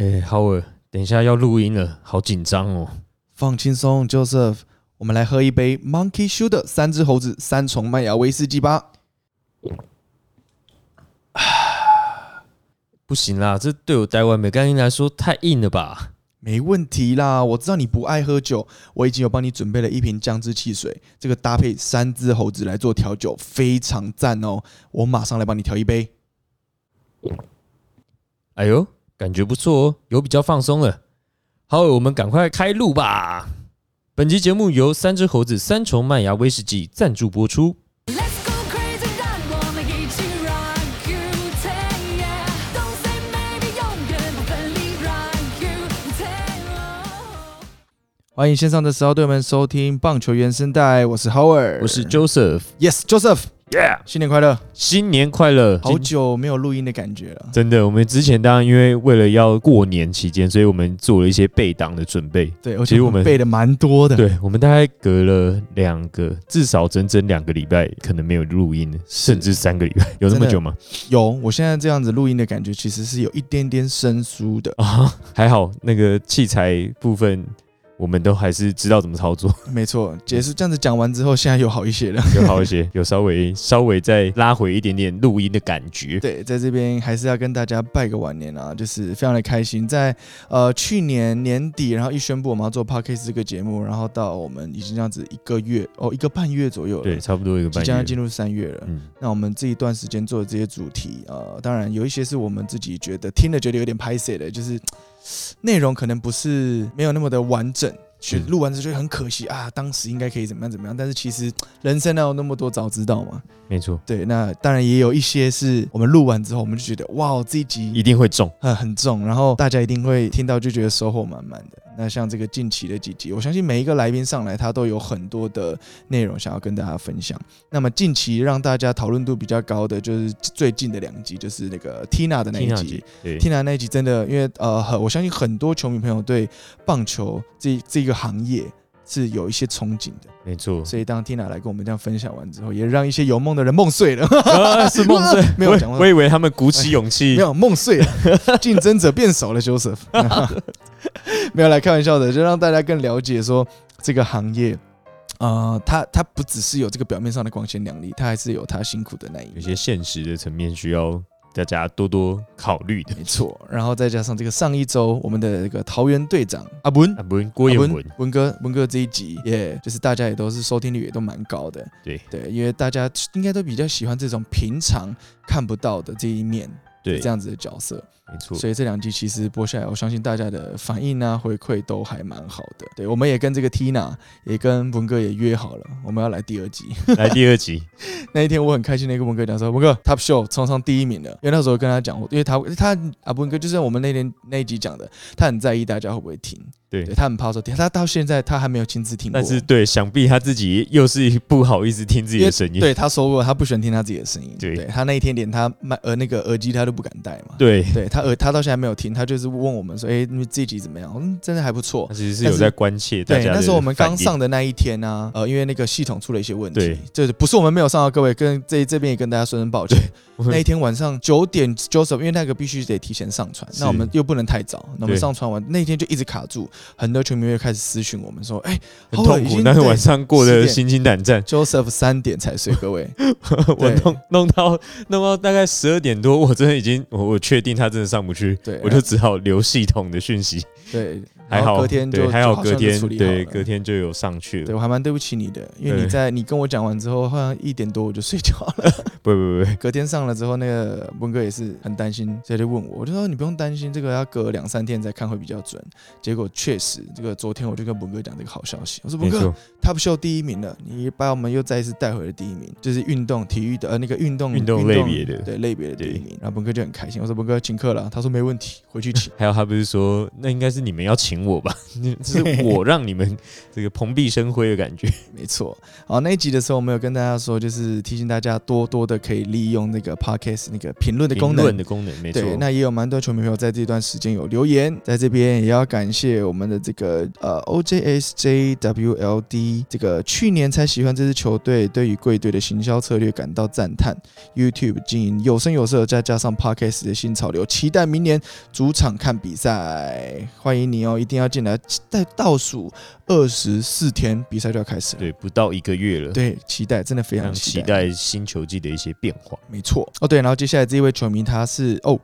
哎、欸，好了，等一下要錄音了，好緊張哦！放輕鬆，Joseph，我們來喝一杯 Monkey Shooter 三隻猴子三重麥芽威士忌吧。不行啦，這對我台灣每個人來說太硬了吧？沒問題啦，我知道你不愛喝酒，我已經有幫你準備了一瓶薑汁汽水，這個搭配三隻猴子來做調酒非常讚哦，我馬上來幫你調一杯。哎呦！感覺不錯哦，有比較放鬆了。好，我們趕快開錄吧。本集節目由三只猴子三重麥芽威士忌贊助播出。歡迎線上的十號隊友們收聽棒球原聲帶，我是 Howard，我是 Joseph，Yes，Joseph。Yes, Joseph 耶、yeah!！新年快樂，新年快樂！好久沒有錄音的感覺了，真的。我們之前當然因為為了要過年期間，所以我們做了一些備檔的準備。對，而且其實我們備的蠻多的。對，我們大概隔了兩個，至少整整兩個禮拜，可能沒有錄音，甚至三個禮拜， 有那麼久嗎？有，我現在這樣子錄音的感覺，其實是有一點點生疏的啊、哦。還好那個器材部分。我們都還是知道怎麼操作，沒錯。結束這樣子講完之後，現在有好一些了，有好一些，有稍微稍微再拉回一點點錄音的感覺。對，在這邊還是要跟大家拜個晚年啊，就是非常的開心。在呃去年年底，然後一宣布我們要做 podcast 這個節目，然後到我們已經這樣子一個月哦，一個半月左右，對，差不多一個半月，即將要進入三月了，嗯。那我們這一段時間做的這些主題呃，當然有一些是我們自己覺得聽了覺得有點拍攝的，就是。內容可能不是沒有那麼的完整，去錄完之後就很可惜啊，當時應該可以怎麼樣怎麼樣，但是其實人生哪有那麼多早知道嘛，沒錯，對，那當然也有一些是我們錄完之後我們就覺得，哇哦，這一集一定會重，嗯，很重，然後大家一定會聽到就覺得收穫滿滿的。那像這個近期的幾集，我相信每一個來賓上來，他都有很多的內容想要跟大家分享。那麼近期讓大家討論度比較高的，就是最近的兩集，就是那個 Tina 的那一集。對，Tina 那一集真的，因為呃，很我相信很多球迷朋友對棒球這這一個行業，是有一些憧憬的，沒錯。所以當 Tina 來跟我們這樣分享完之後，也讓一些有夢的人夢碎了， 啊啊啊是夢碎，沒有我,我以為他們鼓起勇氣、哎，沒有夢碎了，競 爭者變少了。Joseph， 沒有來開玩笑的，就讓大家更了解說這個行業，呃、它它不只是有這個表面上的光鮮亮麗，它還是有它辛苦的那一，有些現實的層面需要。大家多多考慮的，沒錯。然後再加上這個上一周我們的這個桃園隊長阿文阿文郭嚴文文,文哥文哥這一集，也、yeah, 就是大家也都是收聽率也都蠻高的，對對，因為大家應該都比較喜歡這種平常看不到的這一面對這樣子的角色。沒錯，所以這兩集其實播下來，我相信大家的反應啊、回饋都還蠻好的。對，我們也跟這個 Tina 也跟文哥也約好了，我們要來第二集，來第二集。 那一天我很開心的跟文哥講說，文哥 Top Show 衝上第一名了。因為那時候跟他講，因為他他啊，文哥就是我們那天那一集講的，他很在意大家會不會聽，對，對他很怕說他到現在他還沒有親自聽。但是對，想必他自己又是不好意思聽自己的聲音。對他說過，他不喜歡聽他自己的聲音。對，對他那一天連他麥呃那個耳機他都不敢戴嘛。對，對他。呃，他到現在沒有聽，他就是問我們說：“哎、欸，你這集怎麼樣？”嗯，真的還不錯。他其實是有在關切大家。對，那時候我們剛上的那一天呢、啊。呃，因為那個系統出了一些問題，就是不是我們沒有上到各位，跟這這邊也跟大家說聲抱歉。那一天晚上九點 Joseph，因為那個必須得提前上傳，那我們又不能太早，那我們上傳完那一天就一直卡住，很多球迷又開始私訊我們說：“哎、欸，很痛苦。”那天晚上過得心驚膽戰。Joseph 三點才睡，各位， 我弄弄到弄到大概十二點多，我真的已經我我確定他真的。上不去，對，我就只好留系統的訊息。嗯、對。還好，還好隔天，就還好隔天，對，隔天就有上去了。對，我還蠻對不起你的，因為你在你跟我講完之後，好像一點多我就睡覺了。 不不不，隔天上了之後，那個文哥也是很擔心，所以就問我，我就說你不用擔心，這個要隔兩三天再看會比較準。結果確實，這個昨天我就跟文哥講這個好消息，我說文哥，Top Show 第一名了，你把我們又再一次帶回了第一名，就是運動體育的呃那個運動運動類別的對類別的第一名。然後文哥就很開心，我說文哥請客啦，他說沒問題，回去請。還有他不是說那應該是你們要請。我吧， 是我讓你們這個蓬蓽生輝的感覺， 沒錯。好，那一集的時候，我們有跟大家說，就是提醒大家多多的可以利用那個 Podcast 那個評論的功能。評論的功能，沒錯。對，那也有蠻多球迷朋友在這段時間有留言，在這邊也要感謝我們的這個呃 O J S J W L D 這個去年才喜歡這支球隊，對於貴隊的行銷策略感到讚嘆。YouTube 經營有聲有色，再加上 Podcast 的新潮流，期待明年主場看比賽。歡迎你哦！一一定要進來，在倒數二十四天，比賽就要開始了。對，不到一個月了。對，期待真的非常期待新球季的一些變化。沒錯，哦對，然後接下來這一位球迷，他是哦，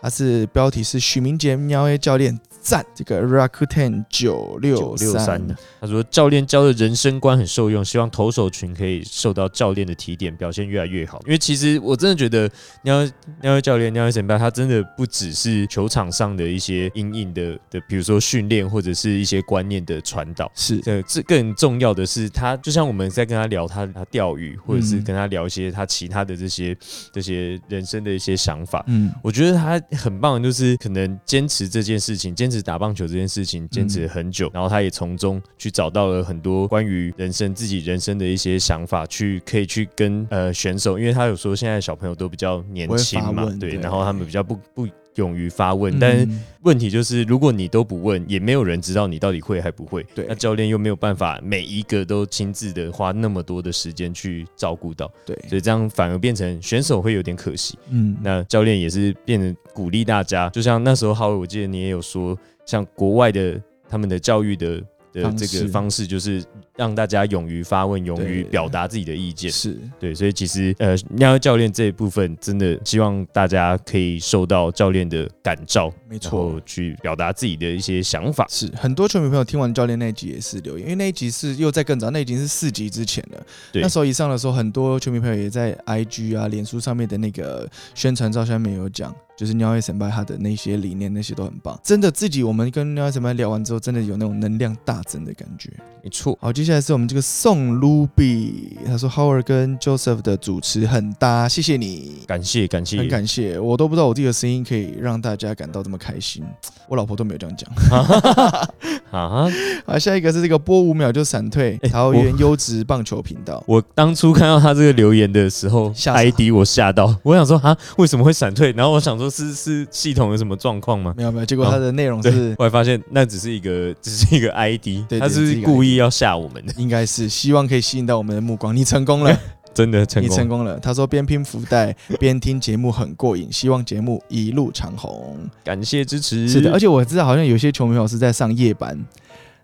他是標題是許明杰喵誒教練。讚這個 Rakuten 九六三的，他說教練教的人生觀很受用，希望投手群可以受到教練的提點，表現越來越好。因為其實我真的覺得，鳥鳥一教練鳥位神輩，他真的不只是球場上的一些硬硬的的，比如說訓練或者是一些觀念的傳導，是這更重要的是他就像我們在跟他聊他他釣魚，或者是跟他聊一些他其他的這些、嗯、這些人生的一些想法。嗯，我覺得他很棒的，就是可能堅持這件事情，堅持。打棒球這件事情堅持很久，嗯，然後他也從中去找到了很多關於人生、自己人生的一些想法，去可以去跟呃選手，因為他有說現在小朋友都比較年輕嘛，對，對，然後他們比較不不。勇於發問，但問題就是，如果你都不問，也沒有人知道你到底會還不會。對，那教練又沒有辦法每一個都親自的花那麼多的時間去照顧到。對，所以這樣反而變成選手會有點可惜。嗯，那教練也是變成鼓勵大家，就像那時候好，我記得你也有說，像國外的他們的教育的的這個方式就是。讓大家勇於發問，勇於表達自己的意見，是。對，所以其實呃，鳥教練這一部分真的希望大家可以受到教練的感召，沒錯，去表達自己的一些想法。是，很多球迷朋友聽完教練那一集也是留言，因為那一集是又在更早，那已經是四集之前了。對，那時候以上的時候，很多球迷朋友也在 IG 啊、臉書上面的那個宣傳照下面有講，就是鳥液神拜他的那些理念，那些都很棒。真的，自己我們跟鳥液神拜聊完之後，真的有那種能量大增的感覺。沒錯，好，接下來是我們這個宋盧比，他說 Howard 跟 Joseph 的主持很搭，謝謝你，感謝感謝，很感謝，我都不知道我自己的聲音可以讓大家感到這麼開心，我老婆都沒有這樣講。啊,哈哈哈哈 啊哈，好，下一個是這個播五秒就閃退，桃園優質棒球頻道我。我當初看到他這個留言的時候，ID 我嚇到，我想說啊，為什麼會閃退？然後我想說是，是是系統有什麼狀況嗎？沒有沒有，結果他的內容、就是，後來發現那只是一個只、就是一個 ID，對,對,對，他是,是故意要嚇我們。應該是希望可以吸引到我們的目光，你成功了， 真的成功，你成功了。他說邊拼福袋邊聽節目很過癮， 希望節目一路長紅，感謝支持。是的，而且我知道好像有些球迷老師在上夜班。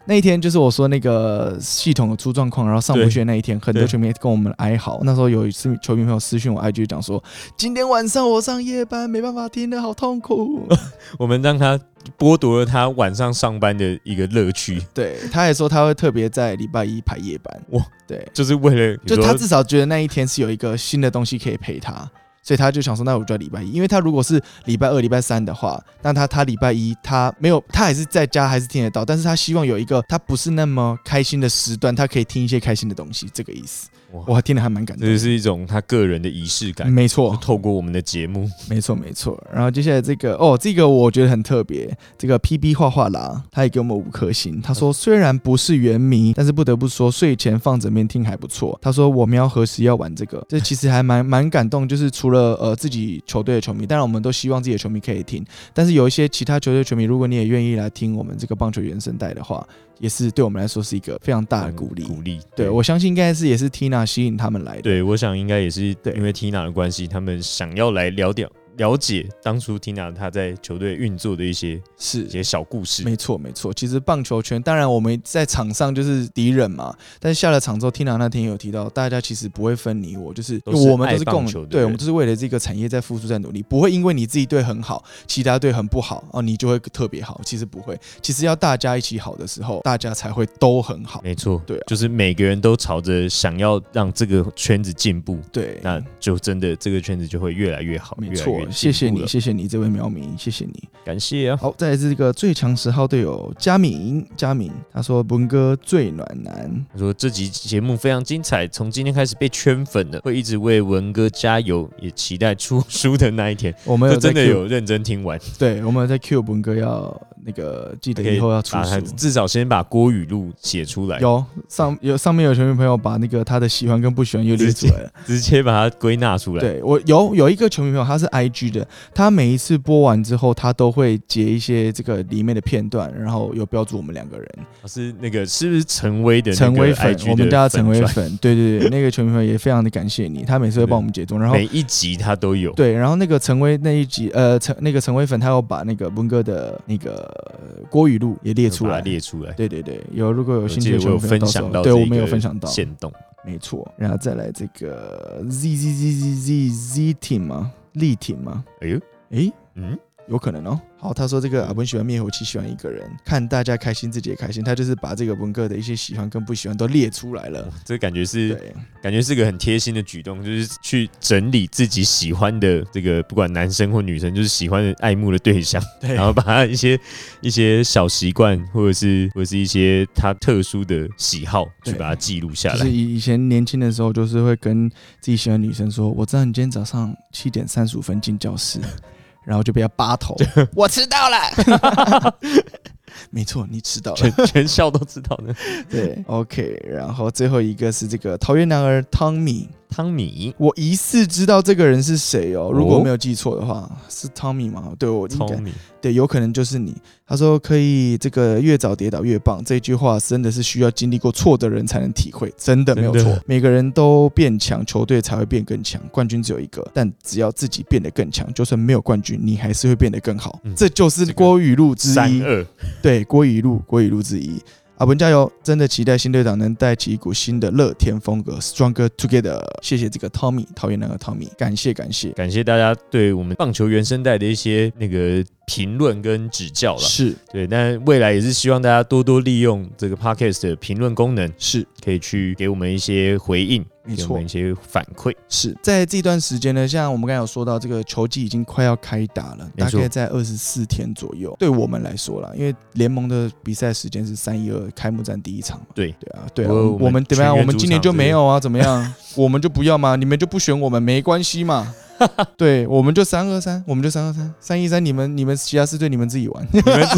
那一天就是我說那個系統出狀況，然後上不去的那一天，很多球迷也跟我們哀嚎。那時候有一次球迷朋友私訊我 IG，就講說今天晚上我上夜班，沒辦法聽了，好痛苦。 我們讓他剝奪了他晚上上班的一個樂趣。對，他還說他會特別在禮拜一排夜班，哇，對，就是為了就他至少覺得那一天是有一個新的東西可以陪他。所以他就想說，那我就要禮拜一，因為他如果是禮拜二、禮拜三的話，那他他禮拜一他沒有，他還是在家，還是聽得到，但是他希望有一個他不是那麼開心的時段，他可以聽一些開心的東西，這個意思。我聽得還蠻感動的，這是一種他個人的儀式感。沒錯，透過我們的節目，沒錯沒錯。然後接下來這個，哦，這個我覺得很特別，這個 PB 畫畫郎他也給我們五顆星。他說雖然不是原迷，但是不得不說睡前放枕邊聽還不錯。他說我們要何時要玩這個？這其實還蠻蠻 感動，就是除了呃自己球隊的球迷，當然我們都希望自己的球迷可以聽，但是有一些其他球隊球迷，如果你也願意來聽我們這個棒球原聲帶的話。也是對我們來說是一個非常大的鼓勵，嗯。鼓勵，對，對，我相信應該是也是 Tina 吸引他們來的。對，我想應該也是因為 Tina 的關係，他們想要來聊聊。了解當初 Tina 她在球隊運作的一些事，一些小故事，沒錯沒錯。其實棒球圈當然我們在場上就是敵人嘛，但是下了場之後，Tina 那天有提到，大家其實不會分你我，就是因為我們都是共，是的，對，我們都是為了這個產業在付出，在努力，不會因為你自己隊很好，其他隊很不好哦，你就會特別好，其實不會。其實要大家一起好的時候，大家才會都很好。沒錯，對啊，就是每個人都朝着想要讓這個圈子進步，對，那就真的這個圈子就會越來越好，沒錯。越來越謝謝你，謝謝你，這位苗民，謝謝你，感謝啊！好，再來是這個最強十號隊友佳敏，佳敏他說文哥最暖男，他說這集節目非常精彩，從今天開始被圈粉了，會一直為文哥加油，也期待出書的那一天。 我們真的有認真聽完，對，我們在 Q 文哥要。那個記得以後要出，他他至少先把郭語錄寫出來。有上有上面有球迷朋友把那個他的喜歡跟不喜歡又列出來了直，直接把它歸納出來。對，我有有一個球迷朋友他是 I G 的，他每一次播完之後，他都會截一些這個裡面的片段，然後有標注我們兩個人。啊、是那個是不是陳威的陳威粉？我們家陳威粉， 對對對，那個球迷朋友也非常的感謝你，他每次會幫我們解中，然後每一集他都有。對，然後那個陳威那一集，呃，陳那個陳威粉，他又把那個文哥的那個。呃，郭語錄也列出來，列出來，對對對，有，如果有興趣，我，有分，有，我有分享到，對我沒有分享到，限動，沒錯，然後再來這個 Z Z, Z Z Z Z Z Team 嘛，立體嘛，哎呦，哎，嗯。有可能哦。好，他說這個阿文、啊、喜歡滅火器，喜歡一個人，看大家開心，自己也開心。他就是把這個文哥的一些喜歡跟不喜歡都列出來了。這感覺是，感覺是個很貼心的舉動，就是去整理自己喜歡的這個，不管男生或女生，就是喜歡的愛慕的對象，對，然後把他一些一些小習慣，或者是或者是一些他特殊的喜好，去把它記錄下來。以、就是、以前年輕的時候，就是會跟自己喜歡的女生說：“我知道你今天早上七點三十五分進教室。 ”然後就被他扒頭， 我遲到了。 沒錯，你遲到了，了，全全校都知道了，對，OK。然後最後一個是這個桃園男兒湯米。Tommy 湯米，我疑似知道這個人是誰哦，如果沒有記錯的話，oh? 是湯米嗎？對，我應該對，有可能就是你。他說：“可以，這個越早跌倒越棒。”這句話真的是需要經歷過錯的人才能體會，真的沒有錯。每個人都變強，球隊才會變更強。冠軍只有一個，但只要自己變得更強，就算沒有冠軍，你還是會變得更好。嗯、這就是郭語錄之一、這個三二。對，郭語錄，郭語錄之一。阿文加油！真的期待新隊長能帶起一股新的樂天風格，Stronger Together。謝謝這個 Tommy，討厭那個 Tommy，感謝感謝感謝大家對我們棒球原聲帶的一些那個。評論跟指教了，是對。但未來也是希望大家多多利用這個 podcast 的評論功能，是可以去給我們一些回應，沒錯，給我們一些反饋。是在這段時間呢，像我們剛才有說到，這個球季已經快要開打了，大概在二十四天左右。對我們來說了，因為聯盟的比賽時間是三一二，開幕戰第一場嘛。對對啊，對啊，呃對啊呃、我們怎麼樣？我們今年就沒有啊？啊怎麼樣？ 我們就不要嘛，你們就不選我們？沒關係嘛？ 對，我們就三二三，我們就三二三三一三。你們你們其他四隊，你們自己玩。我 們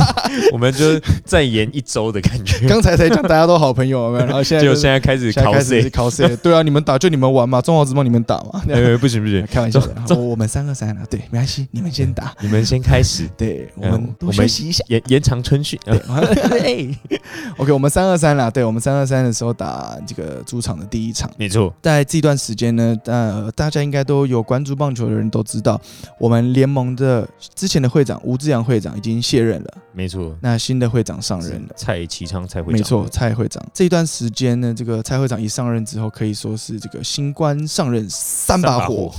我們就再延一周的感覺。剛 才才講大家都好朋友， 然後現在就，是、就現在開始考試，開始考試對啊，你們打就你們玩嘛，中華職棒你們打嘛。哎、欸欸，不行不行，開玩笑，然後我們三二三了，對，沒關係，你們先打，你們先開始， 對我們多休息一下，延延長春訓。對 ，OK，我們三二三了，對我們三二三的時候打這個主場的第一場，沒錯。在這段時間呢，呃，大家應該都有關注棒。全球的人都知道，我們聯盟的之前的會長吳志揚會長已經卸任了，沒錯。那新的會長上任了，蔡其昌蔡會長，沒錯，蔡會長這一段時間呢，這個蔡會長一上任之後，可以說是這個新官上任三把火，三把火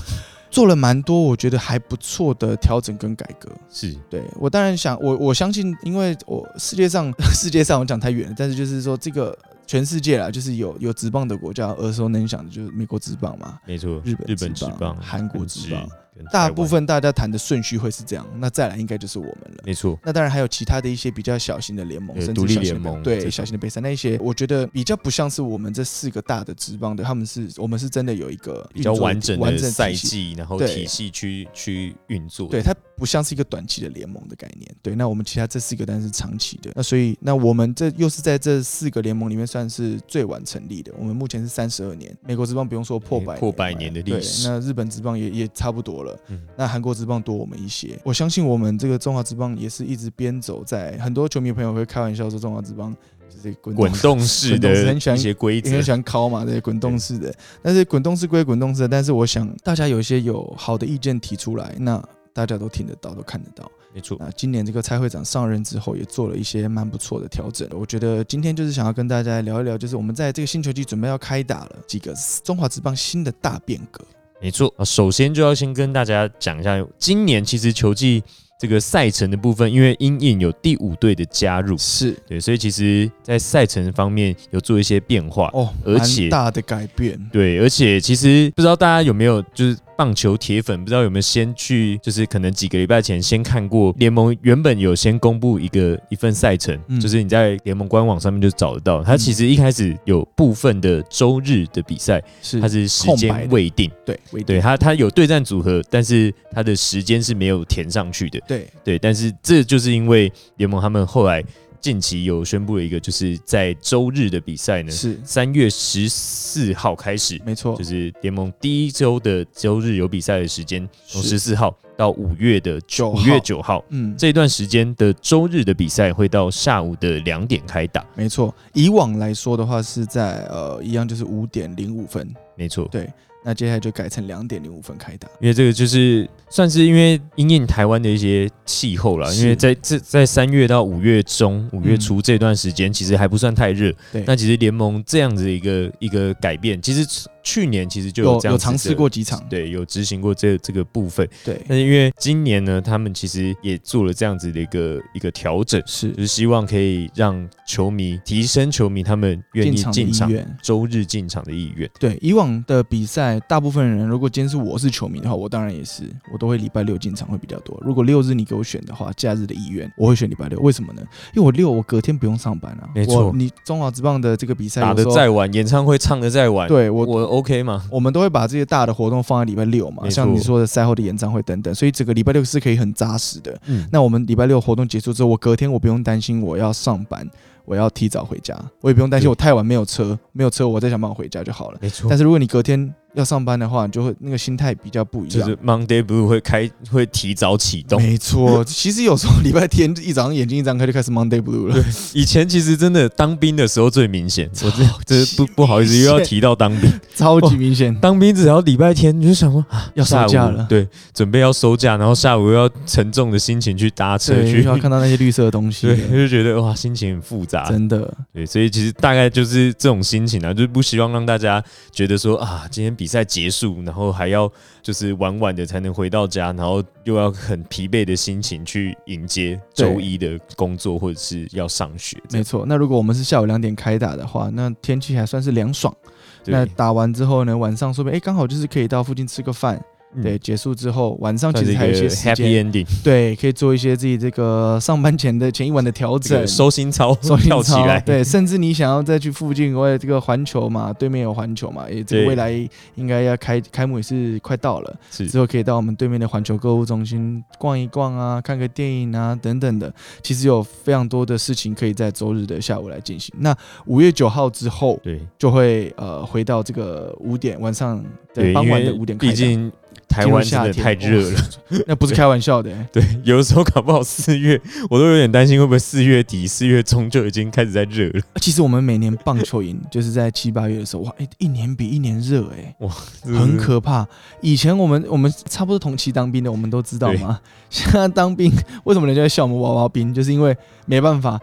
做了蠻多我覺得還不錯的調整跟改革。是，對，我當然想，我我相信，因為我世界上世界上我講太遠了，但是就是說這個。全世界啊，就是有有職棒的國家，耳熟能詳的就是美國職棒嘛，沒錯，日本日本職棒、韓國職棒，大部分大家談的順序會是這樣，那再來應該就是我們了，沒錯。那當然還有其他的一些比較小型的聯盟，甚至獨立聯盟，對小型的杯賽，那一些我覺得比較不像是我們這四個大的職棒的，他們是我們是真的有一個比較完整的完整賽季，然後體系去去運作，對他。不像是一個短期的聯盟的概念，對。那我們其他這四個但是長期的，那所以那我們這又是在這四個聯盟裡面算是最晚成立的。我們目前是三十二年，美國職棒不用說破百年、欸，破百年的歷史對。那日本職棒也也差不多了，嗯、那韓國職棒多我們一些。我相信我們這個中華職棒也是一直邊走在，很多球迷朋友會開玩笑說中華職棒就是滾動，動，動，動式的，很一些規則很喜歡敲嘛，這些滾動式的。但是滾動式歸滾動式，但是我想大家有一些有好的意見提出來，那。大家都聽得到，都看得到，沒錯。那今年這個蔡會長上任之後，也做了一些蠻不錯的調整。我覺得今天就是想要跟大家聊一聊，就是我們在這個新球季準備要開打了幾個中華職棒新的大變革。沒錯，首先就要先跟大家講一下，今年其實球季這個賽程的部分，因為因應有第五隊的加入，是對，所以其實在賽程方面有做一些變化哦，而且大的改變，對，而且其實不知道大家有沒有就是。棒球鐵粉不知道有沒有先去，就是可能幾個禮拜前先看過聯盟，原本有先公布一個一份賽程，嗯，就是你在聯盟官網上面就找得到，嗯。它其實一開始有部分的周日的比賽，它是時間未定，對，未定，對，它它有對戰組合，但是它的時間是沒有填上去的，對對，但是這就是因為聯盟他們後來。近期有宣布了一個，就是在週日的比賽呢，是三月十四號開始，沒錯，就是聯盟第一週的週日有比賽的時間，從十四號到五月的五月九號，嗯，這段時間的週日的比賽會到下午的兩點開打，沒錯，以往來說的話是在呃一樣就是五點零五分，沒錯，對。那接下來就改成兩點零五分開打，因為這個就是算是因為因應台灣的一些氣候啦，因為在這在三月到五月中、五月初這段時間，其實還不算太熱。對。那其實聯盟這樣子的一個一個改變，其實去年其實就有這樣的有嘗試過幾場，對，有執行過這這個部分。對。但是因為今年呢，他們其實也做了這樣子的一個一個調整，是是希望可以讓球迷提升球迷他們願意進場周日進場的意願。對，以往的比賽。大部分人如果今天是我是球迷的話，我當然也是，我都會禮拜六進場會比較多。如果六日你給我選的話，假日的意願我會選禮拜六。為什麼呢？因為我六我隔天不用上班啊。沒錯，你中華職棒的這個比賽打的再晚，演唱會唱的再晚，對我我 OK 嘛？我們都會把這些大的活動放在禮拜六嘛，像你說的賽後的演唱會等等，所以整個禮拜六是可以很扎實的，嗯。那我們禮拜六活動結束之後，我隔天我不用擔心我要上班，我要提早回家，我也不用擔心我太晚沒有車，沒有車我再想辦法回家就好了。沒錯，但是如果你隔天，要上班的話，你就會那個心態比較不一樣。就是 Monday Blue 會開會提早啟動。沒錯，其實有時候禮拜天一早上眼睛一張開就開始 Monday Blue 了。對，以前其實真的當兵的時候最明顯。我這這不不好意思又要提到當兵，超級明顯。哦、當兵只要禮拜天，你就想說啊，要下架了下午。對，準備要收假，然後下午又要沉重的心情去搭車，對，去，又要看到那些綠色的東西，對、欸，就覺得哇，心情很複雜，真的。對，所以其實大概就是這種心情啊，就是不希望讓大家覺得說啊，今天比。比賽結束，然後還要就是晚晚的才能回到家，然後又要很疲憊的心情去迎接週一的工作或者是要上學。沒錯，那如果我們是下午兩點開打的話，那天氣還算是涼爽，那打完之後呢，晚上說不定誒，剛好就是可以到附近吃個飯。對，結束之後晚上其實還有一些 Happy ending。對，可以做一些自己這個上班前的前一晚的調整、這個收，收心操，跳起來，對，甚至你想要再去附近，因為這個環球嘛，對面有環球嘛，也這個未來應該要開開幕也是快到了，是，之後可以到我們對面的環球購物中心逛一逛啊，看個電影啊等等的，其實有非常多的事情可以在周日的下午來進行。那五月九號之後，對，就會呃回到這個五點晚上，傍晚的五點開始。台灣真的太熱了，是是，那不是開玩笑的對。對，有的時候搞不好四月，我都有點擔心會不會四月底、四月中就已經開始在熱了。其實我們每年棒球營 就是在七八月的時候，哇，一年比一年熱，哎，哇，很可怕。以前我們我們差不多同期當兵的，我們都知道嘛。現在當兵為什麼人家笑我們娃娃兵？就是因為沒辦法。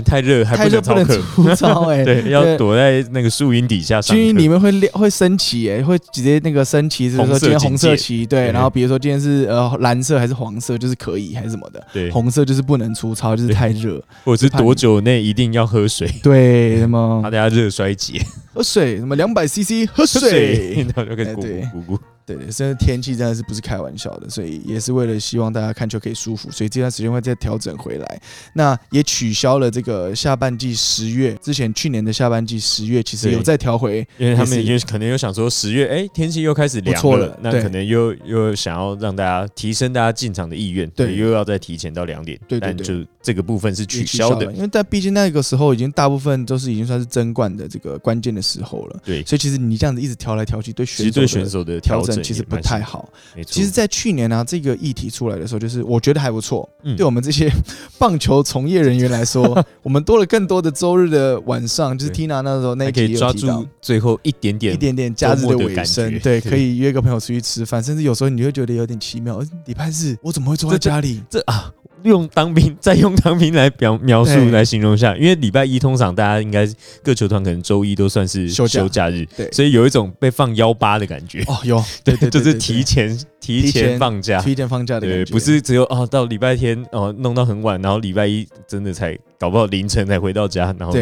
太熱，太熱不能出操誒，對，要躲在那個樹蔭底下上。樹蔭裡面會會升旗誒、欸，會直接那個升旗，比如說今天紅色旗紅色對，對。然後比如說今天是呃藍色還是黃色，就是可以還是什麼的。對，紅色就是不能出操，就是太熱。或者是多久內一定要喝水？對，什麼大家熱衰竭？喝水什麼兩百 CC？喝水， 然後就可以咕咕咕咕。對，對，現在天氣真的是不是開玩笑的，所以也是為了希望大家看球可以舒服，所以這段時間會再調整回來。那也取消了這個下半季十月之前，去年的下半季十月，其實有再調回，因為他們已經可能又想說十月，哎，天氣又開始涼了，了那可能又又想要讓大家提升大家進場的意願，對，又要再提前到兩點，對對對對，但就。這個部分是取消的，消因為在畢竟那個時候已經大部分都是已經算是爭冠的這個關鍵的時候了。對，所以其實你這樣子一直調來調去，對選手、對選手的調整其實不太好。沒錯，其實在去年呢、啊，這個議題出來的時候，就是我覺得還不錯、嗯，對我們這些棒球從業人員來說， 我們多了更多的周日的晚上。就是 Tina 那時候那也可以抓住最後一點點、一點點假日的尾聲，對，可以約個朋友出去吃飯，甚至有時候你會覺得有點奇妙，禮、欸、拜日我怎麼會坐在家裡？這，這啊。用當兵再用當兵來表描述，來形容一下，因為禮拜一通常大家應該各球團可能周一都算是休假日休假，對，所以有一種被放幺八的感覺。哦，有，對對，對，對，對，對， 就是提前提前放假提前，提前放假的感覺，對，不是只有哦到禮拜天哦弄到很晚，然後禮拜一真的才。搞不好凌晨才回到家，然後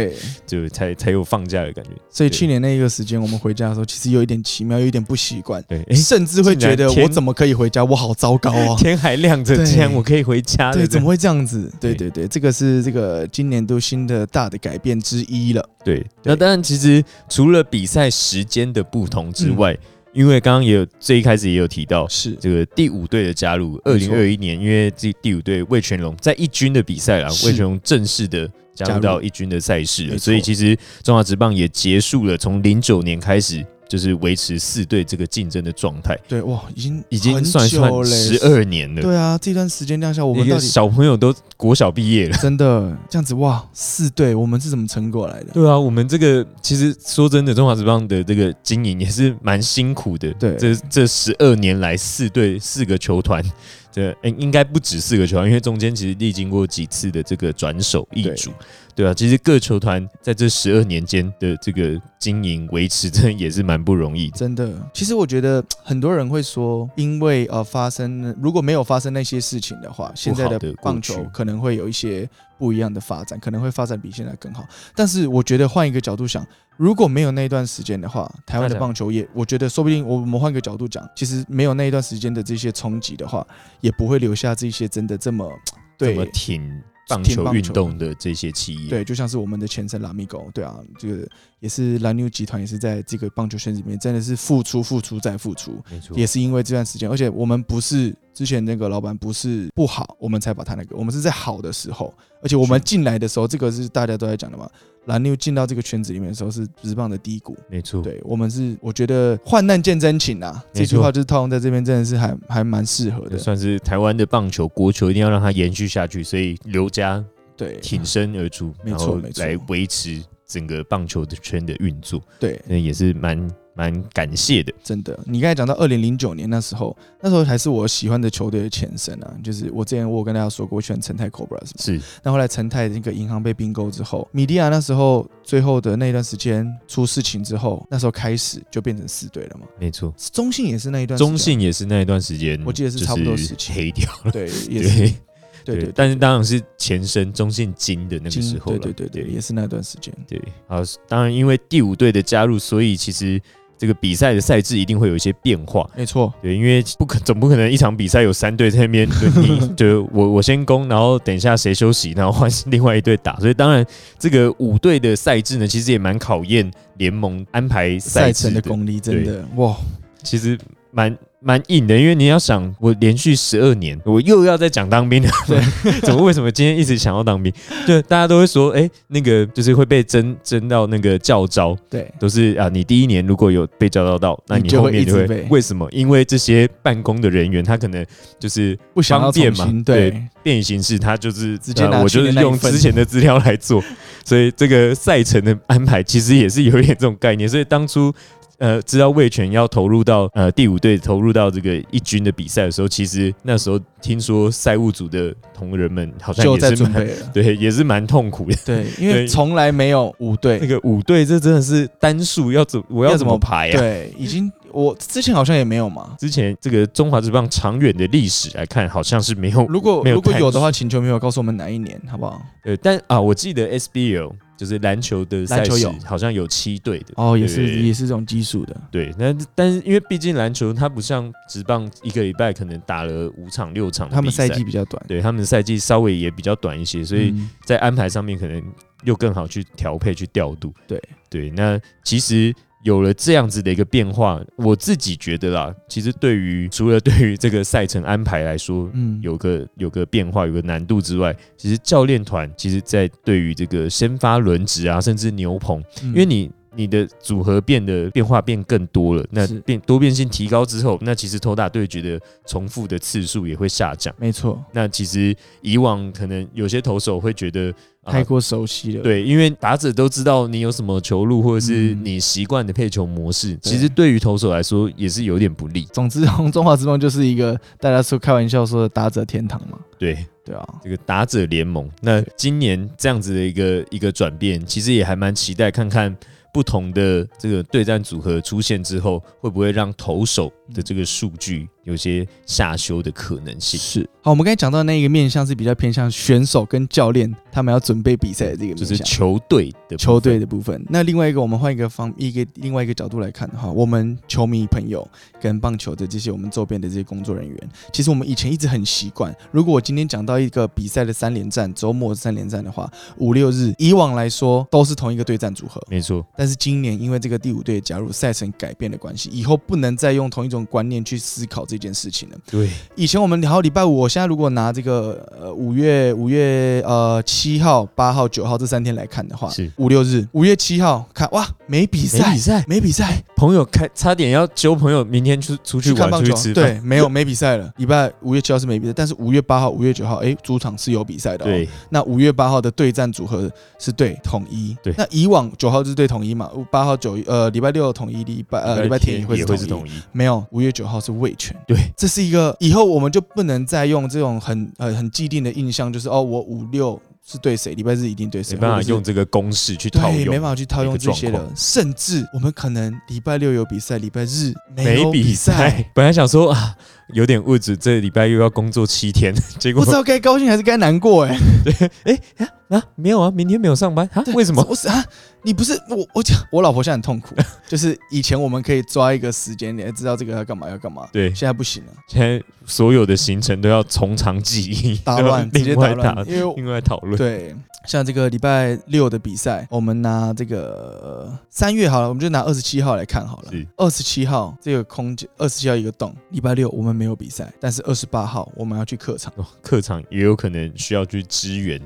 就才對，才有放假的感覺。所以去年那個時間我們回家的時候，其實有一點奇妙，有一點不習慣，對、欸，甚至會覺得我怎麼可以回家？欸、我好糟糕啊！天還亮着，天我可以回家對？對，怎麼會這樣子？對對對，對，這個是這個今年度新的大的改變之一了。對，對，那當然，其實除了比賽時間的不同之外。嗯因為剛剛也有最一開始也有提到，是這個第五隊的加入2021，二零二一年，因為這第五隊味全龍在一軍的比賽了，味全龍正式的加入到一軍的賽事了，所以其實中華職棒也結束了從零九年開始。就是維持四隊這個競爭的狀態，對哇，已經已經算算十二年了。對啊，這段時間量下，我們小朋友都國小畢業了，真的這樣子哇！四隊我們是怎麼撐過來的？對啊，我們這個其實說真的，中華職棒的這個經營也是蠻辛苦的。對，這這十二年來，四隊四個球團。這、欸、應該不止四個球團，因為中間其實歷經過幾次的這個轉手易主對，對啊，其實各球團在這十二年間的這個經營維持，真的也是蠻不容易，真的。其實我覺得很多人會說，因為呃發生如果沒有發生那些事情的話，現在的棒球可能會有一些不一樣的發展，可能會發展比現在更好，但是我覺得換一個角度想，如果沒有那一段時間的話，台灣的棒球也、哎，我覺得說不定我們換個角度講，其實沒有那一段時間的這些衝擊的話，也不會留下這些真的這麼，對，怎麼挺。棒球運動的這些企業，對，就像是我們的前身 Lamigo，對啊，這個也是 La New 集團，也是在這個棒球圈子裡面，真的是付出、付出再付出，沒錯，也是因為這段時間，而且我們不是之前那個老闆不是不好，我們才把他那個，我們是在好的時候，而且我們進來的時候，這個是大家都在講的嘛。藍妞進到這個圈子裡面的時候是職棒的低谷，沒錯。對我們是，我覺得患難見真情啊，這句話就是套用在這邊，真的是還還蠻適合的。算是台灣的棒球國球，一定要讓它延續下去，所以劉家對挺身而出，沒錯，然後來維持整個棒球的圈的運作，對，那也是蠻。蠻感謝的，真的。你剛才講到二零零九年那時候，那時候還是我喜歡的球隊的前身啊。就是我之前我有跟大家說過，我喜歡誠泰 Cobra，是。那後來誠泰那個銀行被併購之後，米迪亞那時候最後的那段時間出事情之後，那時候開始就變成四隊了嘛。沒錯，中信也是那一段，中信也是那一段時間，我記得是差不多時期，就是黑掉了，對，也是，對對，對對。但是當然是前身中信金的那個時候對對對對，對，也是那段時間。對好，當然因為第五隊的加入，所以其實。這個比賽的賽制一定會有一些變化，沒錯，對，因為不可總不可能一場比賽有三隊在面對你就我，我先攻，然後等一下誰休息，然後換另外一隊打，所以當然這個五隊的賽制呢，其實也蠻考驗聯盟安排賽程的，的功力，真的，哇，其實蠻。蠻硬的，因為你要想，我連續十二年，我又要再講當兵的，怎麼為什麼今天一直想要當兵？對， 大家都會說，哎、欸，那個就是會被徵徵到那個教召，對，都是啊，你第一年如果有被教召到，那你後面就會，就會為什麼？因為這些辦公的人員他可能就是方便不想要變嘛，對，變形式，他就是、啊、我就是用之前的資料來做， 所以這個賽程的安排其實也是有點這種概念，所以當初。呃，知道味全要投入到呃第五隊，投入到這個一軍的比賽的時候，其實那時候聽說賽務組的同仁們好像也是就在準備，對，也是蠻痛苦的，對，因為從來沒有五隊，那、這個五隊這真的是單數，要怎我要怎麼排？對，已經我之前好像也沒有嘛，之前這個中華職棒長遠的歷史來看，好像是沒有，如果如果有的話，請球迷有告訴我們哪一年好不好？對，但啊，我記得 SBL。就是籃球的球季，籃球好像有七隊的哦，對，也是也是這種奇數的。對，那但是因為畢竟籃球它不像職棒，一個禮拜可能打了五場六場，他們賽季比較短。對，他們賽季稍微也比較短一些，所以在安排上面可能又更好去調配去調度。對、嗯、對，那其實，有了這樣子的一個變化，我自己覺得啦，其實對於除了對於這個賽程安排來說，嗯，有個有個變化，有個難度之外，其實教練團其實，在對於這個先發輪值啊，甚至牛棚，因為你你的組合變得變化變更多了，那變多變性提高之後，那其實投打對決的重複的次數也會下降。沒錯，那其實以往可能有些投手會覺得。太過熟悉了、啊，對，因為打者都知道你有什麼球路，或者是你習慣的配球模式。嗯、其實對於投手來說也是有點不利。總之，中中華職棒就是一個大家說開玩笑說的打者天堂嘛。對對啊，這個打者聯盟，那今年這樣子的一個一個轉變，其實也還蠻期待看看。不同的這個對戰組合出現之後，會不會讓投手的這個數據有些下修的可能性？是。好，我們剛才講到的那一個面向是比較偏向選手跟教練他們要準備比賽的這個面向，就是球隊的球隊的部分。那另外一個，我們換一個方一個另外一個角度來看的話，我們球迷朋友跟棒球的這些我們周邊的這些工作人員，其實我們以前一直很習慣，如果我今天講到一個比賽的三連戰、週末三連戰的話，五六日以往來說都是同一個對戰組合，沒錯。但是今年因為這個第五隊加入賽程改變的關係，以後不能再用同一種觀念去思考這件事情了。對，以前我們好禮拜五，我現在如果拿這個呃五月五月呃七號、八號、九號這三天來看的話，是五六日。五月七號看哇，沒比賽，沒比賽，沒比賽。欸、朋友開差點要揪朋友明天出去出去看棒球。對，沒有沒比賽了。禮拜五月七號是沒比賽，但是五月八號、五月九號，哎，主場是有比賽的、哦。對，那五月八號的對戰組合是對統一。對，那以往九號是對統一。嘛，五八號九呃禮拜六統一，禮拜呃禮拜天也會統一，沒有五月九號是味全，對，這是一個以後我們就不能再用這種很呃很既定的印象，就是哦我五六是對誰，禮拜日一定對誰，沒辦法用這個公式去套，對，沒辦法去套用這些了，甚至我們可能禮拜六有比賽，禮拜日沒比賽，本來想說啊。有點物質，這禮拜又要工作七天，結果不知道該高興還是該難過哎、欸。 對，哎、欸、啊啊，沒有啊，明天沒有上班啊？為什麼？我是是啊，你不是我，我講，我老婆現在很痛苦， 就是以前我們可以抓一個時間點，你知道這個要幹嘛要幹嘛。對，現在不行了，現在所有的行程都要從長計議，打亂， 直接打亂，因為另外討論。對。像這個禮拜六的比賽，我們拿這個三月好了，我們就拿二十七號來看好了。二十七號這個空間，二十七號一個洞，禮拜六我們沒有比賽，但是二十八號我們要去客場。哦，客場也有可能需要去支援。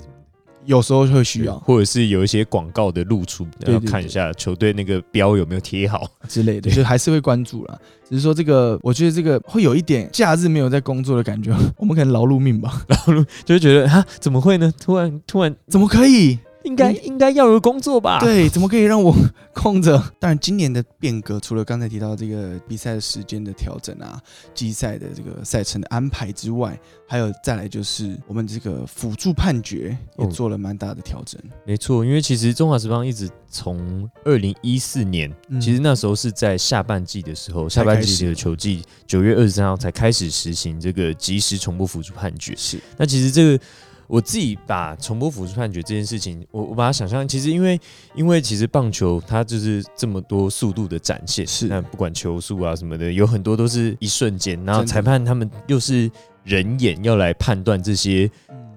有時候會需要，或者是有一些廣告的露出，要看一下球隊那個標有沒有貼好對對對對，之類的，就還是會關注啦，只是說這個，我覺得這個會有一點假日沒有在工作的感覺，我們可能勞碌命吧，勞碌就會覺得啊，怎麼會呢？突然，突然，怎麼可以？應該、嗯、應該要有工作吧？對，怎麼可以讓我空着？ 當然，今年的變革除了剛才提到這個比賽的時間的調整啊，季賽的這個賽程的安排之外，還有再來就是我們這個輔助判決也做了蠻大的調整。哦、沒錯，因為其實中華職棒一直從二零一四年、嗯，其實那時候是在下半季的時候，下半季的球季九月二十三號才開始實行這個即時重播輔助判決。是，那其實這個。我自己把重播輔助判決這件事情，我我把它想象其實因為因為其實棒球它就是這麼多速度的展現，是，那不管球速啊什麼的，有很多都是一瞬間，然後裁判他們又是人眼要來判斷這些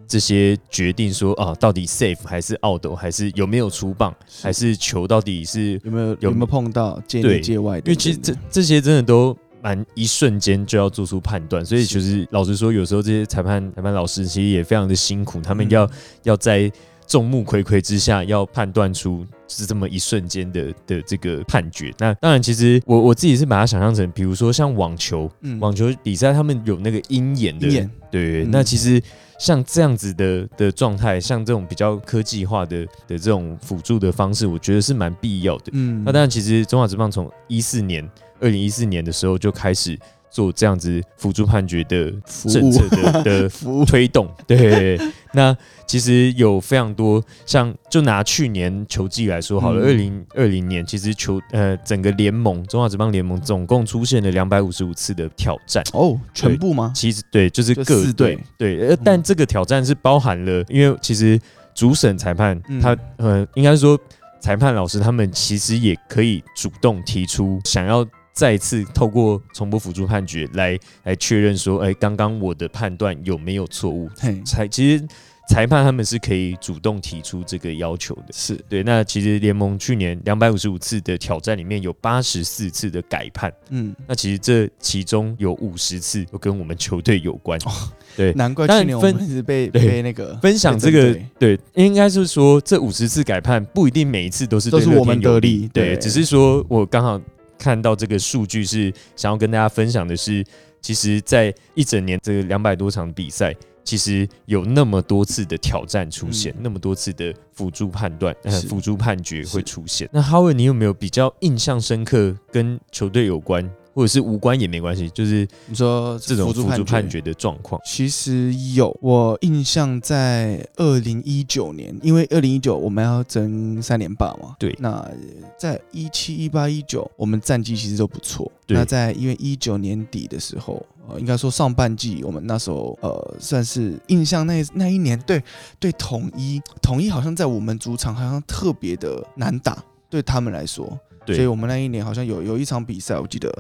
這些決定說啊，到底 safe 還是 out，還是有沒有出棒，是還是球到底是有沒有有沒有，有沒有碰到界內界外的，對，因為其實這這些真的都，蠻一瞬間就要做出判斷，所以其實老實說，有時候這些裁判、裁判老師其實也非常的辛苦，他們要、嗯、要在眾目睽睽之下，要判斷出是這麼一瞬間的的這個判決。那當然，其實我我自己是把它想象成，比如說像網球，嗯、網球比賽他們有那個鷹眼的，鷹眼、對、嗯。那其實像這樣子的的狀態，像這種比較科技化的的這種輔助的方式，我覺得是蠻必要的。嗯，那當然，其實中華職棒從一四年。二零一四年的時候就開始做這樣子輔助判決的政策的的推動對，對。那其實有非常多像，就拿去年球季來說好了，二零二零年其實球呃整個聯盟中華職棒聯盟總共出現了兩百五十五次的挑戰哦，全部嗎？其實對，就是各隊對。呃，但這個挑戰是包含了，因為其實主審裁判他呃應該說裁判老師他們其實也可以主動提出想要。再一次透過重播輔助判決來來確認說，哎、欸，剛剛我的判斷有沒有錯誤？才其實裁判他們是可以主動提出這個要求的。是對。那其實聯盟去年兩百五十五次的挑戰裡面有八十四次的改判。嗯，那其實這其中有五十次有跟我們球隊有關，哦。對，難怪去年我們被被那個分享這個這對，對，應該是說這五十次改判不一定每一次都是對我們有利都是我們得利，對，對對只是說我剛好。看到這個數據是想要跟大家分享的是，是其實在一整年這兩百多場比賽，其實有那麼多次的挑戰出現，嗯、那麼多次的輔助判斷、呃、輔助判決會出現。那哈維，你有沒有比較印象深刻跟球隊有關？或者是無關也沒關係，就是你說這種輔助判決的狀況，其實有。我印象在二零一九年，因為二零一九我們要爭三連霸嘛，對。那在一七、一八、一九，我們戰績其實都不錯。那在因為一九年底的時候，呃，應該說上半季，我們那時候呃，算是印象那那一年，對對，統一統一好像在我們主場好像特別的難打，對他們來說。所以我們那一年好像有有一場比賽，我記得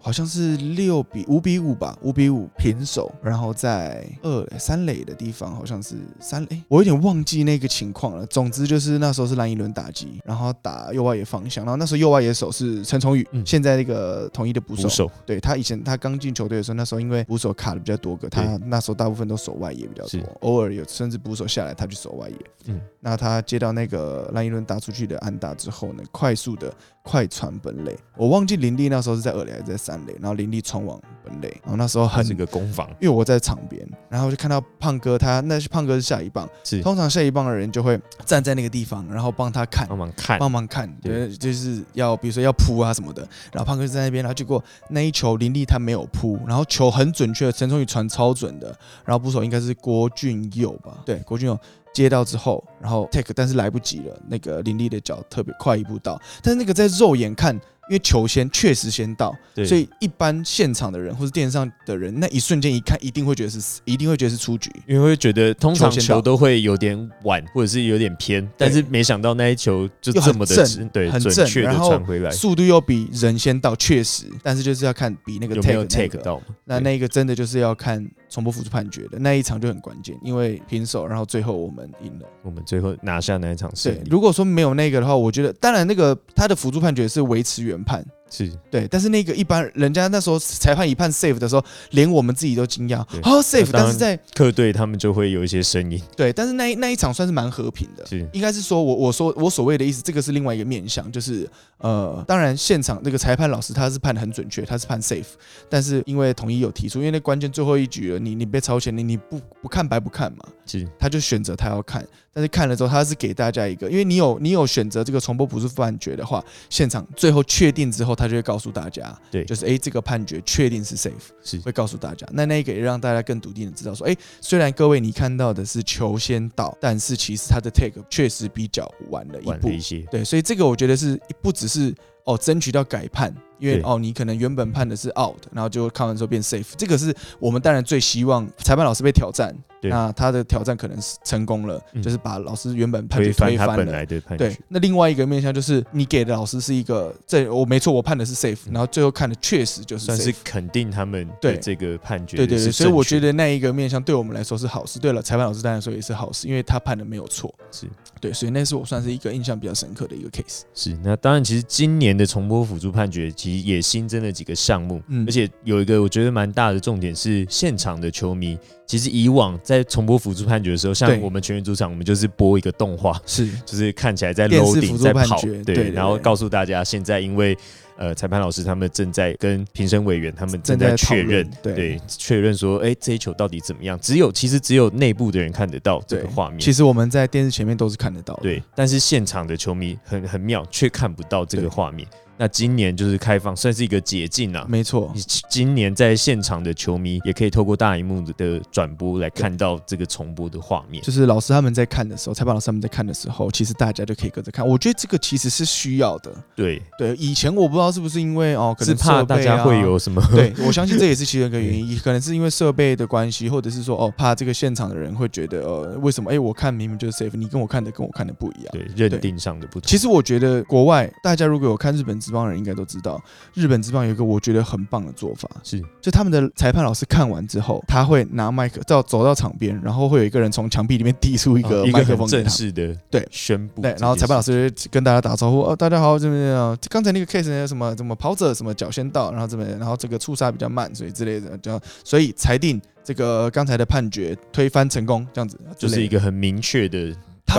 好像是六比五比五吧，五比五平手，然後在二三壘的地方好像是三壘，我有點忘記那個情況了。總之就是那時候是藍寅倫打擊，然後打右外野方向，然後那時候右外野手是陳重羽，現在那個統一的捕手，對，他以前他剛進球隊的時候，那時候因為捕手卡的比較多個，他那時候大部分都守外野比較多，偶爾有甚至捕手下來他就守外野。嗯，那他接到那個藍寅倫打出去的安打之後呢，快速的。快傳本壘，我忘記林立那時候是在二壘還是在三壘，然後林立傳往本壘，然後那時候很那個攻防，因為我在場邊，然後就看到胖哥他，那是胖哥是下一棒，是通常下一棒的人就會站在那個地方，然後幫他看幫忙看幫忙看對，對，就是要比如說要撲啊什麼的，然後胖哥就在那邊，然後結果那一球林立他沒有撲，然後球很準確，陳宗宇傳超準的，然後捕手應該是郭俊佑吧，對，郭俊佑。接到之後，然後 take，但是來不及了。那個林立的腳特別快一步到，但是那個在肉眼看。因為球先確實先到，對，所以一般現場的人或是電視上的人，那一瞬間，一看，一定會覺得是，一定會覺得是出局，因為會覺得通常球都會有點晚，或者是有點偏，但是沒想到那一球就這麼的很正，對，很正，準確的傳回來，然後速度又比人先到，確實，但是就是要看比那個 take、那個、有，有沒有 take 到，那那個真的就是要看重播輔助判決的那一場就很關鍵，因為平手，然後最後我們贏了，我們最後拿下那一場勝。對，如果說沒有那個的話，我覺得當然那個他的輔助判決是維持原。審判。是對，但是那個一般人家那時候裁判一判 safe 的時候，連我們自己都驚訝，好、oh, safe。但是在客隊他們就會有一些聲音。對，但是那一那一場算是蠻和平的。是，應該是說我，我我說我所謂的意思，這個是另外一個面向，就是呃，當然現場那個裁判老師他是判很準確，他是判 safe。但是因為統一有提出，因為那關鍵最後一局了，你你被超前，你你不不看白不看嘛。是，他就選擇他要看，但是看了之後，他是給大家一個，因為你有你有選擇這個重播不是犯覺的話，現場最後確定之後他。他就會告訴大家，對，就是誒、欸，這個判決確定是 safe，是會告訴大家。那那個也讓大家更篤定的知道說，誒、欸，雖然各位你看到的是球先到，但是其實他的 tag 確實比較晚了一步了一些。對，所以這個我覺得是不只是哦，爭取到改判，因為哦，你可能原本判的是 out，然後就看完之後變 safe，這個是我們當然最希望裁判老師被挑戰。對，那他的挑戰可能是成功了，嗯、就是把老師原本判的推翻了翻他本來的判決。對，那另外一個面向就是你給的老師是一個，這我沒錯，我判的是 safe，、嗯、然後最後看的確實就是 safe, 算是肯定他們對這個判決對。對對對，所以我覺得那一個面向對我們來說是好事。對了，裁判老師當然說也是好事，因為他判的沒有錯。是對，所以那是我算是一個印象比較深刻的一個 case。是，那當然其實今年的重播輔助判決其實。也新增了幾個項目，嗯，而且有一個我覺得蠻大的重點是現場的球迷。其實以往在重播輔助判決的時候，像我們全猿主場，我們就是播一個動畫，是就是看起來在 loading 在跑，對，對對對，然後告訴大家現在因為、呃、裁判老師他們正在跟評審委員他們正在確認，對，確認說哎、欸、這一球到底怎麼樣？只有其實只有內部的人看得到這個畫面。其實我們在電視前面都是看得到的，對，但是現場的球迷很很妙，卻看不到這個畫面。那今年就是開放，算是一個解禁啦。沒錯，你今年在現場的球迷也可以透過大熒幕的轉播來看到這個重播的畫面。就是老師他們在看的時候，裁判老師他們在看的時候，其實大家就可以跟着看。我覺得這個其實是需要的。對對，以前我不知道是不是因為哦，可能、啊、是怕大家會有什麼對？對我相信這也是其中一個原因， 可能是因為設備的關係，或者是說哦，怕這個現場的人會覺得哦、呃，為什麼？哎、欸，我看明明就是 safe，你跟我看的跟我看的不一樣。對，對認定上的不同。其實我覺得國外大家如果有看日本，職棒人應該都知道，日本職棒有一個我覺得很棒的做法，是就他們的裁判老師看完之後，他會拿麥克到走到場邊，然後會有一個人從牆壁裡面遞出一個麥克風、哦、正式的對宣布對，對，然後裁判老師跟大家打招呼，哦，大家好，這邊啊，剛才那個 case 什麼，什麼跑者什麼腳先到，然後這邊，然後這個觸殺比較慢，所以之類的，就所以裁定這個剛才的判決推翻成功，這樣子就是一個很明確的。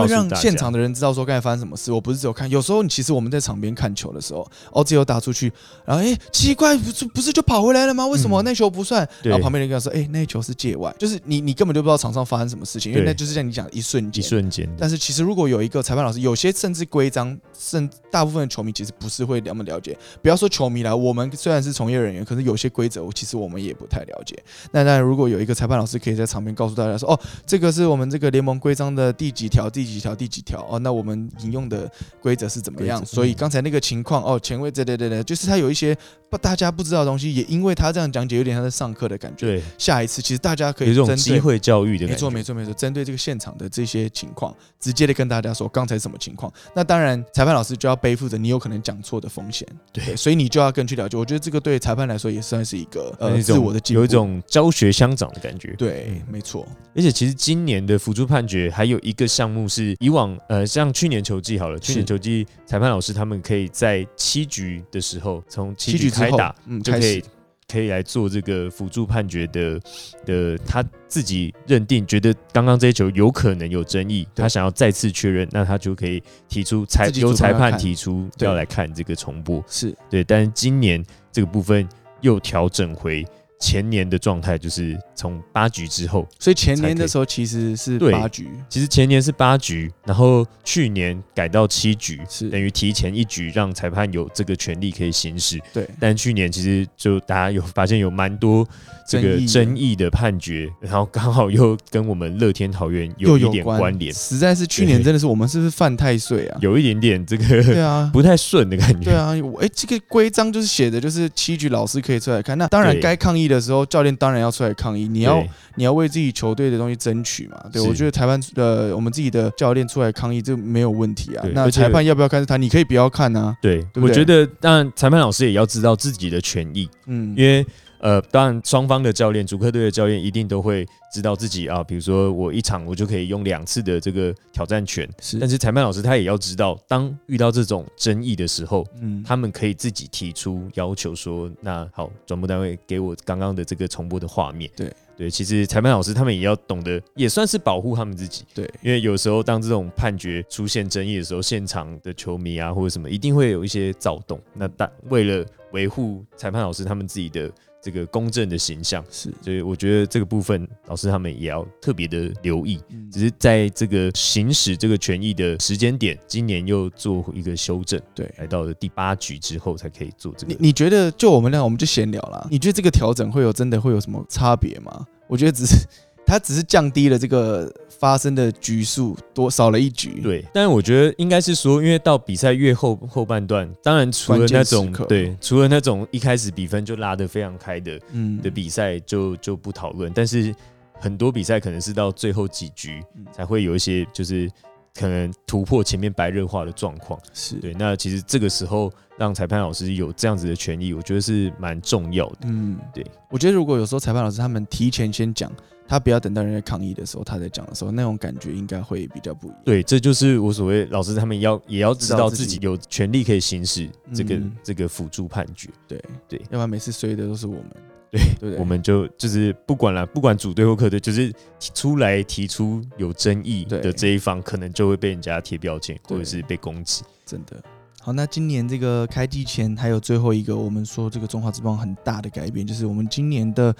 讓現場的人知道說剛才發生什麼事。我不是只有看，有時候你其實我們在場邊看球的時候，哦，只有打出去，然後哎、欸，奇怪，不是不是就跑回來了嗎？為什麼、嗯、那球不算？然後旁邊人跟他說，哎、欸，那球是界外，就是你你根本就不知道場上發生什麼事情，因為那就是像你講的一瞬間。一瞬間。但是其實如果有一個裁判老師，有些甚至規章，甚大部分的球迷其實不是會那麼了解。不要說球迷啦，我們雖然是從業人員，可是有些規則我其實我們也不太了解。那那如果有一個裁判老師可以在場邊告訴大家說，哦，這個是我們這個聯盟規章的第幾條第。第幾條？第幾條？哦，那我們引用的規則是怎麼樣？所以剛才那個情況，哦，前衛，對對對對，就是他有一些。大家不知道的東西，也因為他這樣講解，有點像在上課的感覺。對，下一次其實大家可以對有這種機會教育的。沒錯，沒錯，沒錯，針對這個現場的這些情況，直接的跟大家說剛才什麼情況。那當然，裁判老師就要背負着你有可能講錯的風險。對，所以你就要更去了解。我覺得這個對裁判來說也算是一個呃一種，自我的有一種教學相長的感覺。對，嗯、沒錯。而且其實今年的輔助判決還有一個項目是以往呃，像去年球季好了，去年球季裁判老師他們可以在七局的時候從七局開始開打，嗯，就可以可以來做這個輔助判決的的，他自己認定覺得剛剛這一球有可能有爭議，他想要再次確認，那他就可以提出裁由裁判提出要來看這個重播。對是對，但是今年這個部分又調整回。前年的狀態就是從八局之後，所以前年的時候其實是八局。其實前年是八局，然後去年改到七局，是等於提前一局讓裁判有這個權利可以行使。對，但去年其實就大家有發現有蠻多這個爭議的判決，然後剛好又跟我們樂天桃園有一點關聯。實在是去年真的是我們是不是犯太歲啊？有一點點這個對啊不太順的感覺。對啊，哎，這個規章就是寫的就是七局老師可以出來看，那當然該抗議的。的時候，教練當然要出來抗議。你要你要為自己球隊的東西爭取嘛？對，我覺得裁判呃，我們自己的教練出來抗議，這沒有問題啊。那裁判要不要看是他？你可以不要看啊。對，對對對，我覺得，當然裁判老師也要知道自己的權益。嗯，因為。呃，當然，雙方的教練，主客隊的教練一定都會知道自己啊，比如說我一場我就可以用兩次的這個挑戰權，是。但是裁判老師他也要知道，當遇到這種爭議的時候，嗯，他們可以自己提出要求說，那好，轉播單位給我剛剛的這個重播的畫面。對對，其實裁判老師他們也要懂得，也算是保護他們自己，對。因為有時候當這種判決出現爭議的時候，現場的球迷啊或者什麼一定會有一些躁動，那但為了維護裁判老師他們自己的。這個公正的形象是，所以我覺得這個部分老師他們也要特別的留意。嗯，只是在這個行使這個權益的時間點，今年又做一個修正，對，來到了第八局之後才可以做這個。你你覺得就我們倆，我們就閒聊啦，你覺得這個調整會有真的會有什麼差別嗎？我覺得只是。它只是降低了這個發生的局數，多少了一局。對，但是我覺得應該是說，因為到比賽越後後半段，當然除了那種對，除了那種一開始比分就拉的非常開的，嗯，的比賽就就不討論。但是很多比賽可能是到最後幾局才會有一些，就是。可能突破前面白熱化的狀況，是對。那其實這個時候讓裁判老師有這樣子的權利，我覺得是蠻重要的。嗯，對。我覺得如果有時候裁判老師他們提前先講，他不要等到人家抗議的時候，他在講的時候，那種感覺應該會比較不一樣。對，這就是我所謂老師他們要也要知道自己有權利可以行使這個、嗯、這個輔助判決。對對，要不然每次衰的都是我們。對，對，對，我們就就是不管了，不管主隊或客隊，就是提出來提出有爭議的這一方，可能就會被人家貼標籤，或者是被攻擊。真的，好，那今年這個開季前還有最後一個，我們說，這個中華職棒很大的改變，就是我們今年的。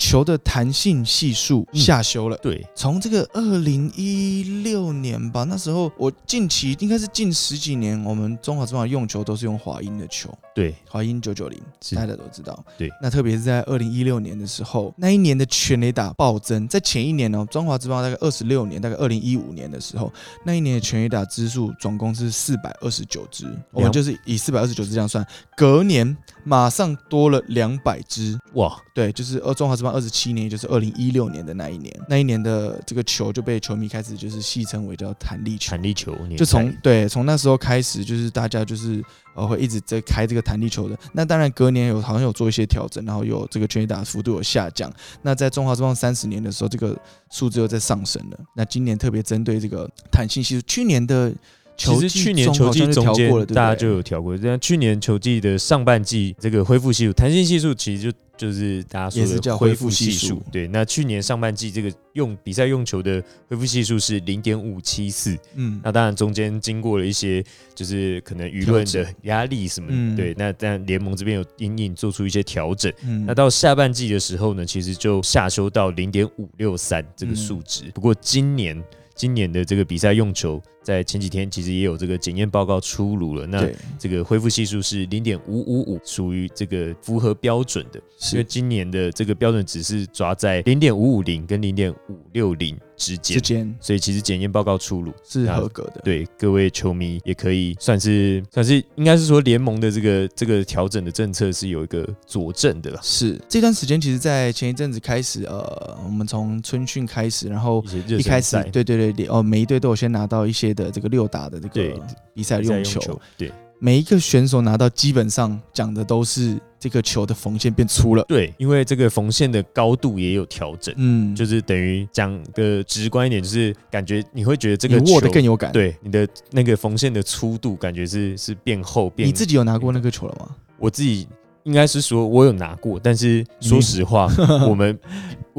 球的彈性係數下修了從、嗯。對，從這個二零一六年吧，那時候我近期應該是近十幾年，我們中華職棒用球都是用華英的球。對，華英九九零，大家都知道。對，那特別是在二零一六年的時候，那一年的全壘打暴增。在前一年呢、喔，中華職棒大概二十六年，大概二零一五年的時候，那一年的全壘打支數總共是四百二十九支。我們就是以四百二十九支這樣算，隔年。馬上多了兩百支，哇！對，就是二中華職棒二十七年，也就是二零一六年的那一年，那一年的這個球就被球迷開始就是戲稱為叫彈力球。彈力球，就從對，從那時候開始，就是大家就是呃會一直在開這個彈力球的。那當然隔年有好像有做一些調整，然後有這個全壘打幅度有下降。那在中華職棒三十年的時候，這個數字又在上升了。那今年特別針對這個彈性係數，去年的。其實去年球季中間大家就有調過，去年球季的上半季，這個恢復系數、彈性系數其實就就是大家說的恢復系數。對，那去年上半季這個用比賽用球的恢復系數是零點五七四。嗯，那當然中間經過了一些，就是可能輿論的壓力什麼的。對，那但聯盟這邊有因應做出一些調整。那到下半季的時候呢，其實就下修到零點五六三這個數值。不過今年今年的這個比賽用球。在前幾天，其實也有這個檢驗報告出爐了。那這個恢復係數是零點五五五，屬於這個符合標準的是。因為今年的這個標準只是抓在零點五五零跟零點五六零之間之間，所以其實檢驗報告出爐是合格的。對，各位球迷也可以算是算是應該是說聯盟的這個這個調整的政策是有一個佐證的了。是這段時間，其實在前一陣子開始，呃，我們從春訓開始，然後一開始一對對對對，哦，每一隊都有先拿到一些。的這個六打的這個比賽用球，對每一個選手拿到，基本上講的都是這個球的縫線變粗了，對，因為這個縫線的高度也有調整，嗯，就是等於講的直觀一點，就是感覺你會覺得這個握得更有感，對，你的那個縫線的粗度感覺是是變厚，變。你自己有拿過那個球了嗎？我自己應該是說我有拿過，但是說實話，我們。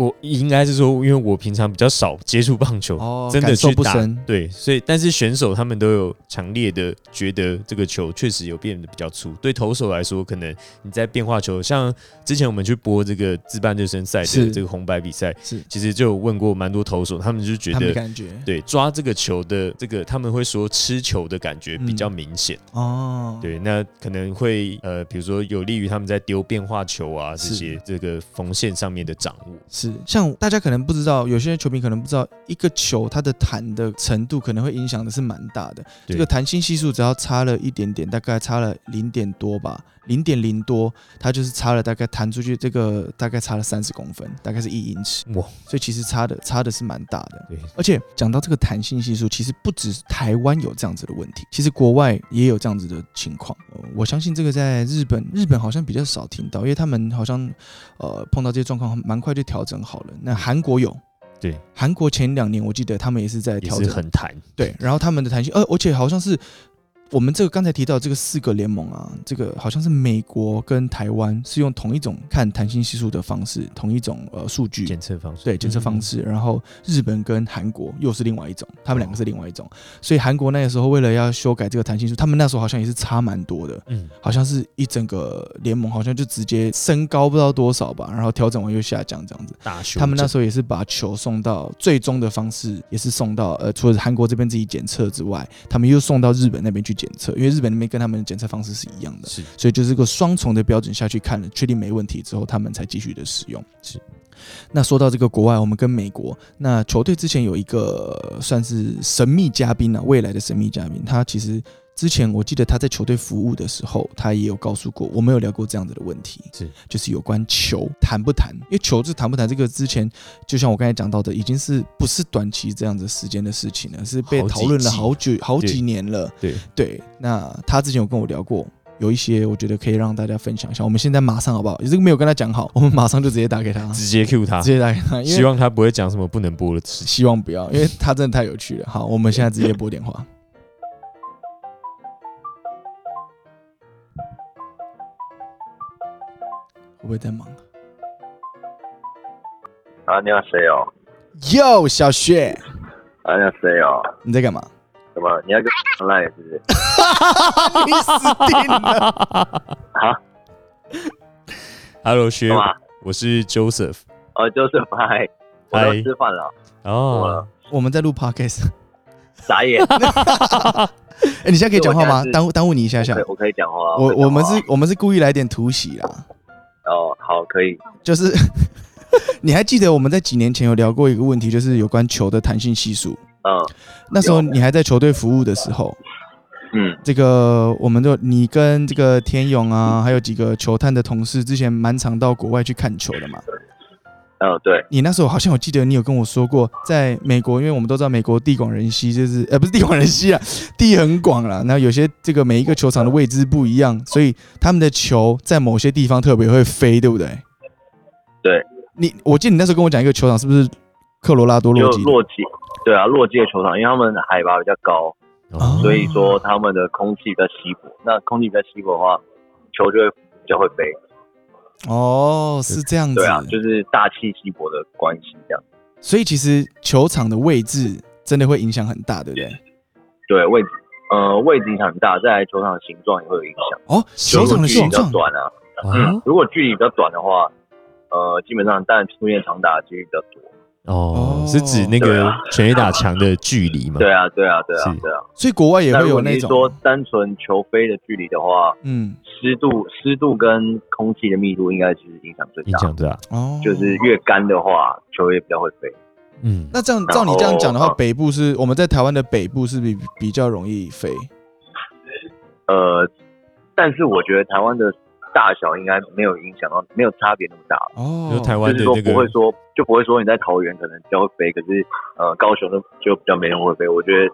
我應該是說，因為我平常比較少接觸棒球，真的去打，對，所以但是選手他們都有強烈的覺得這個球確實有變得比較粗。對投手來說，可能你在變化球，像之前我們去播這個自辦熱身賽的這個紅白比賽，是其實就有問過蠻多投手，他們就覺得對抓這個球的這個他們會說吃球的感覺比較明顯哦，對，那可能會呃，比如說有利於他們在丟變化球啊這些這個縫線上面的掌握是。像大家可能不知道，有些人球迷可能不知道，一個球它的彈的程度可能會影響的是蠻大的。這個彈性係數只要差了一點點，大概差了零點多吧，零點零多，它就是差了大概彈出去這個大概差了三十公分，大概是一英尺。哇！所以其實差的差的是蠻大的。對，而且講到這個彈性係數，其實不止台灣有這樣子的問題，其實國外也有這樣子的情況，呃，我相信這個在日本，日本好像比較少聽到，因為他們好像呃碰到這些狀況，蠻快就調整。整好了。那韓國有，對韓國前兩年我記得他們也是在調整，也是很彈。對，然後他們的彈性，呃，而且好像是。我們這個剛才提到的這個四個聯盟啊，這個好像是美國跟台灣是用同一種看彈性係數的方式，同一種呃數據檢測方式，對檢測方式嗯嗯。然後日本跟韓國又是另外一種，他們兩個是另外一種。嗯、所以韓國那個時候為了要修改這個彈性數，他們那時候好像也是差蠻多的，嗯，好像是一整個聯盟好像就直接升高不知道多少吧，然後調整完又下降這樣子大。他們那時候也是把球送到最終的方式也是送到呃除了韓國這邊自己檢測之外，他們又送到日本那邊去檢測。檢測，因為日本那邊跟他們的檢測方式是一樣的，是，所以就是個雙重的標準下去看了，確定沒問題之後，他們才繼續的使用。是，那說到這個國外，我們跟美國那球隊之前有一個算是神秘嘉賓啊，未來的神秘嘉賓，他其實。之前我記得他在球隊服務的時候，他也有告訴過我沒有聊過這樣子的問題，是就是有關球談不談，因為球是談不談這個之前，就像我剛才講到的，已經是不是短期這樣子時間的事情了，是被討論了好久好幾、啊、好幾年了。對對，對，那他之前有跟我聊過，有一些我覺得可以讓大家分享一下。我們現在馬上好不好？你這個沒有跟他講好，我們馬上就直接打給他，直接 cue 他，直接打給他，希望他不會講什麼不能播的詞。希望不要，因為他真的太有趣了。好，我們現在直接撥電話。 我不會在忙啊！啊你好，誰哦？喲，小雪！啊，你好，誰哦？你在幹嘛？怎麼你要跟談戀愛是不是？ 你死定了！哈、啊、！Hello，雪，我是 Joseph。哦、oh，，Joseph，嗨，我要吃飯了。哦、oh。，我們在錄 Podcast。 傻眼！哎、 欸，你現在可以講話嗎？耽誤耽誤你一下，下我可以講話，、啊我我可以講話啊我。我們是故意來點突襲啊！哦、oh,，好，可以。就是 你還記得我們在幾年前有聊過一個問題，就是有關球的彈性係數。嗯、oh,，那時候你還在球隊服務的時候，嗯、oh, yeah.，這個我們就你跟這個田勇啊，mm -hmm. 還有幾個球探的同事，之前蠻常到國外去看球的嘛。呃、oh,，對，你那時候好像我記得你有跟我說過，在美國，因為我們都知道美國地廣人稀，就是呃不是地廣人稀啊，地很廣啦，然後有些這個每一個球場的位置不一樣，所以他們的球在某些地方特別會飛，對不對？對你，我記得你那時候跟我講一個球場是不是科羅拉多落基？就落基，對啊，落基的球場，因為他們的海拔比較高，oh. 所以說他們的空氣比較稀薄，那空氣比較稀薄的話，球就會比較會飛。哦，是這樣子，對,對啊，就是大氣稀薄的關係這樣。所以其實球場的位置真的會影響很大，對不對？對，位置，呃，位置影響很大，再來球場的形狀也會有影響。哦，球場的形狀短啊,啊，嗯，如果距離比較短的話，呃，基本上但出現長打的幾率比較多。哦，哦，是指那個全壘打牆的距離嗎？對啊，對啊，對啊，對啊是，對啊，對啊。所以國外也會有那種那說單純球飛的距離的話，嗯，濕度濕度跟空氣的密度應該其實影響最大。影響最大哦，就是越乾的話，球也比較會飛。嗯，那這樣照你這樣講的話，北部是我們在台灣的北部是比比較容易飛。呃，但是我覺得台灣的。大小應該沒有影響到，沒有差別那麼大哦。就台灣就是說不會說、哦，就不會說你在桃園可能就會飛，可是呃高雄就就比較沒人會飛。我覺得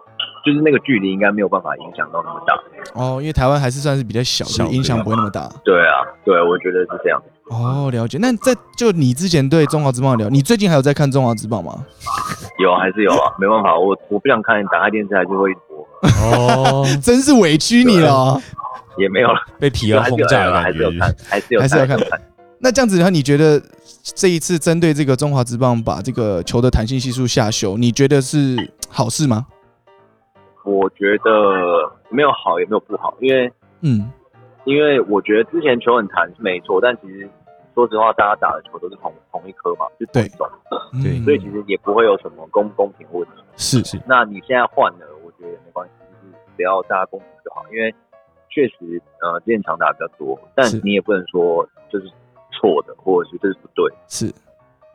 就是那個距離應該沒有辦法影響到那麼大哦，因為台灣還是算是比較小，影響、就是、不會那麼大。對啊，對，我覺得是這樣。哦，了解。那在，就你之前對中華職棒的了解，你最近還有在看中華職棒嗎？有還是有啊？ 沒辦法，我我不想看，打開電視台就會一直播。哦， 真是委屈你了。也沒有了，被皮球轟炸的感覺，還是有，還是要看。 還是有看 那這樣子，然後你覺得這一次針對這個中華職棒，把這個球的彈性係數下修，你覺得是好事嗎？我覺得沒有好也沒有不好，因為嗯，因為我覺得之前球很彈是沒錯，但其實說實話，大家打的球都是同同一顆嘛，就手對，一對，所以其實也不會有什麼不公,公平的問題。是是，那你現在換了，我覺得也沒關係，就是只要大家公平就好，因為。確實，呃，練長打比較多，但你也不能說就是錯的，或者是這是不對，是，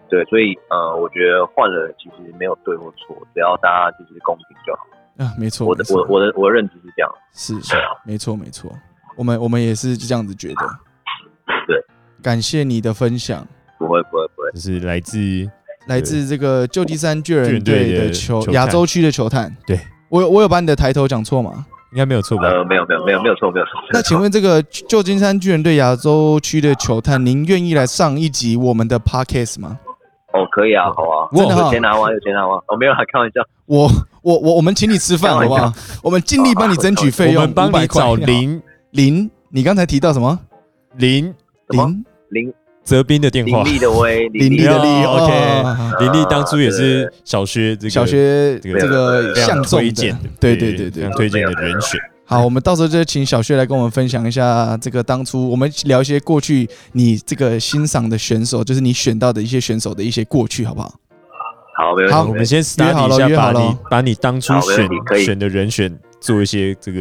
對，所以，呃，我覺得換了其實沒有對或錯，只要大家就是公平就好。啊，沒錯，我的錯我我的我的認知是這樣，是，啊、沒錯，沒錯，我們我們也是這樣子覺得、啊。對，感謝你的分享。不會，不會，不會，就是來自來自這個舊金山巨人隊的球，隊的球亞洲區的球探。對，我有我有把你的抬頭講錯嗎？應該沒有錯吧？呃，沒有，沒有，沒有，沒有錯，沒有錯。那請問這個舊金山巨人隊亞洲區的球探，您願意來上一集我們的 Podcast 嗎？哦，可以啊，好啊，真的有錢拿哇，有錢拿、啊、哇。我、啊啊哦、沒有啊，開玩笑。我我我，我們請你吃飯好不好？我們盡力幫你爭取費用，啊、我我們幫你找零你零。你剛才提到什麼？零零零。.澤斌的電話林的，林立的威，林立的立，OK、哦。林立當初也是小薛這個，哦哦嗯、小薛這個這個向推薦，對對對對，向推薦的人選。好，我們到時候就請小薛來跟我們分享一下這個當初，對對對對，我們聊一些過去你這個欣賞的選手，就是你選到的一些選手的一些過去，好不好？好，好，我們先約好了，約好了，把你，把你當初選選的人選做一些這個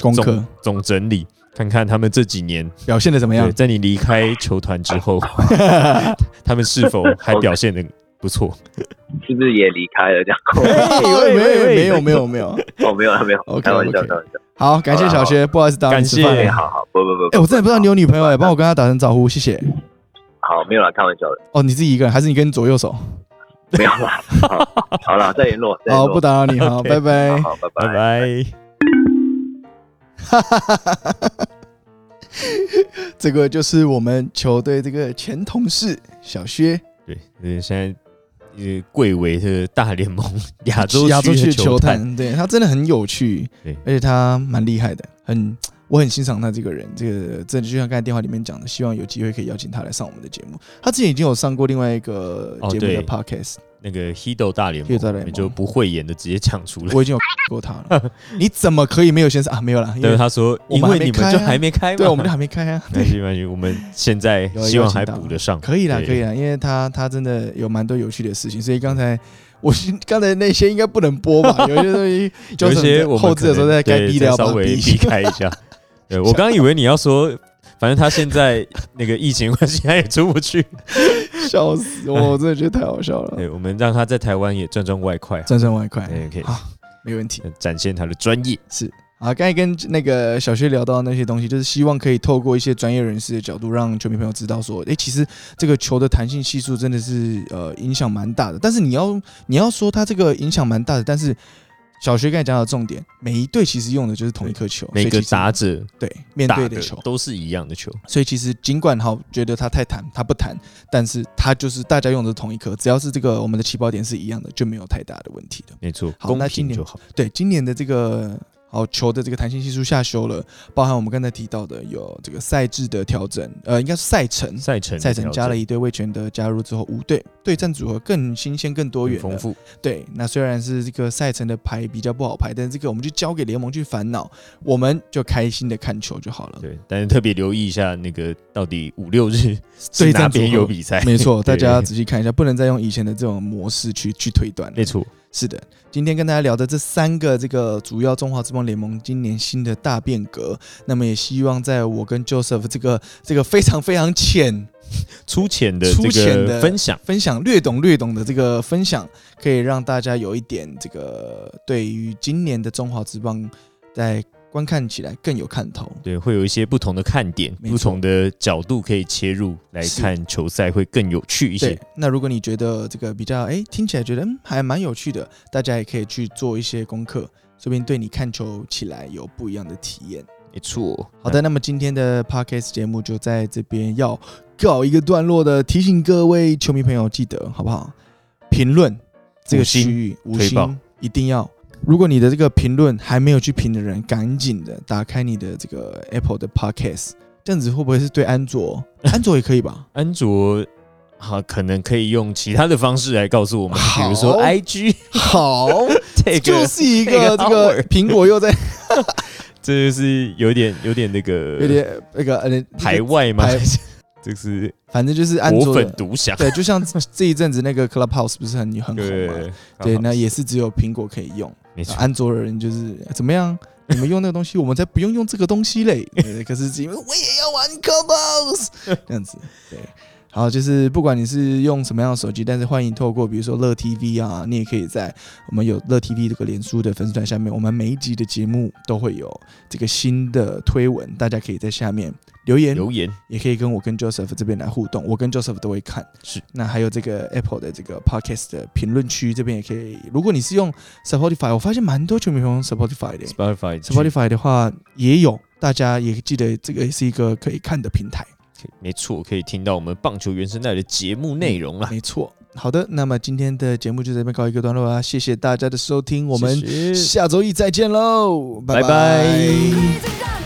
功課總整理。看看他們這幾年表現的怎麼樣，在你離開球團之後、啊，他們是否還表現得不錯？啊啊、 是不是也離開了這樣？沒有沒有沒有沒有沒有哦沒有沒有，沒有 okay, 開玩笑、okay. 開玩笑。好，好好啊、好感謝小薛，不好意思打擾你。謝謝，欸、好好,好，不不不。哎、欸，我真的不知道你有女朋友、欸，哎，幫我跟她打聲招呼，謝謝。好，沒有啦，開玩笑的。哦，你自己一個人，還是你跟左右手？沒有啦。好好了，再聯絡。好，不打擾你，好，拜拜。好，拜拜拜。哈，哈哈，這個就是我們球隊這個前同事小薛。對，現在也貴為的大聯盟亞洲區的球探。對，他真的很有趣，而且他蠻厲害的，很。我很欣賞他這個人，這個真的就像剛才電話裡面講的，希望有機會可以邀請他來上我們的節目。他之前已經有上過另外一個節目的 podcast，、哦、那個 Heedo 大聯盟，你就不會演的直接搶出來。我已經有、X、過他了， 你怎麼可以沒有先生啊？沒有啦，因為他說、啊、因為你們就還沒開，對，我們都還沒開啊。沒關係，沒關係，我們現在希望還補得上可，可以啦，可以啦，因為他他真的有蠻多有趣的事情，所以剛才我剛才那些應該不能播吧， 有些東西有些後製的時候，再再稍微避開一下。 對，我剛剛以為你要說，反正他現在那個疫情關係，他也出不去,， 笑死我！我真的覺得太好笑了。啊、對，我們讓他在台灣也賺賺外快，賺賺外快，可以。好，沒問題。展現他的專業是。啊，剛才跟那個小薛聊到那些東西，就是希望可以透過一些專業人士的角度，讓球迷朋友知道說，哎、欸，其實這個球的彈性係數真的是呃影響蠻大的。但是你要你要說他這個影響蠻大的，但是。小學剛才講到重點，每一隊其實用的就是同一顆球，每個打者對打面對的球對都是一樣的球，所以其實儘管好覺得他太彈，他不彈，但是他就是大家用的同一顆，只要是這個我們的起跑點是一樣的，就沒有太大的問題的。沒錯，公平那今年就好。對，今年的這個。好球的這個彈性係數下修了，包含我們剛才提到的有這個賽制的調整，呃，應該是賽程，賽程賽程加了一對衛權的加入之後對，五隊對戰組合更新鮮更多元，豐富。對，那雖然是這個賽程的牌比較不好排，但是這個我們就交給聯盟去煩惱，我們就開心的看球就好了。對，但是特別留意一下那個到底五六日大別有比賽，沒錯，大家要仔細看一下，不能再用以前的這種模式去去推斷。沒錯。是的，今天跟大家聊的這三個這個主要中華職棒聯盟今年新的大變革，那麼也希望在我跟 Joseph 這個這個非常非常淺、粗淺的這個分享、分享略懂略懂的這個分享，可以讓大家有一點這個對於今年的中華職棒在。觀看起來更有看頭，對，會有一些不同的看點，不同的角度可以切入來看球賽，會更有趣一些。那如果你覺得這個比較，哎、欸，聽起來覺得、嗯、還蠻有趣的，大家也可以去做一些功課，順便對你看球起來有不一樣的體驗。沒錯、嗯。好的，那麼今天的 Podcast 節目就在這邊要告一個段落的，提醒各位球迷朋友，記得好不好？評論這個區域五星，五星，一定要。如果你的這個評論還沒有去評的人，趕緊的打開你的這個 Apple 的 Podcast，這樣子會不會是對安卓？安卓也可以吧？ 安卓好、啊，可能可以用其他的方式來告訴我們，比如說 IG。好，這 就是一個這個蘋果又在， 這 就是有點有點那個，有點那個呃排外嗎？ 就是，反正就是安卓的對，就像這一陣子那個 Clubhouse 不是很很火嘛，對， 那也是只有蘋果可以用，安卓人就是怎麼樣？你們用那個東西，我，我們才不用用這個東西嘞。 可是因為我也要玩 Clubhouse，這樣子，對。啊，就是，不管你是用什麼樣的手機，但是歡迎透過比如說樂 TV 啊，你也可以在我們有樂 TV 這個臉書的粉絲團下面，我們每一集的節目都會有這個新的推文，大家可以在下面留言，留言也可以跟我跟 Joseph 這邊來互動，我跟 Joseph 都會看。是，那還有這個 Apple 的這個 Podcast 的評論區這邊也可以。如果你是用 Spotify，我發現蠻多球迷朋友用 Spotify 的，Spotify，Spotify 的話也有，大家也記得這個是一個可以看的平台。沒錯，可以聽到我們棒球原聲帶的節目內容啦。嗯、沒錯，好的，那麼今天的節目就在這邊告一個段落啦、啊，謝謝大家的收聽，我們下周一再見嘍，拜拜。拜拜。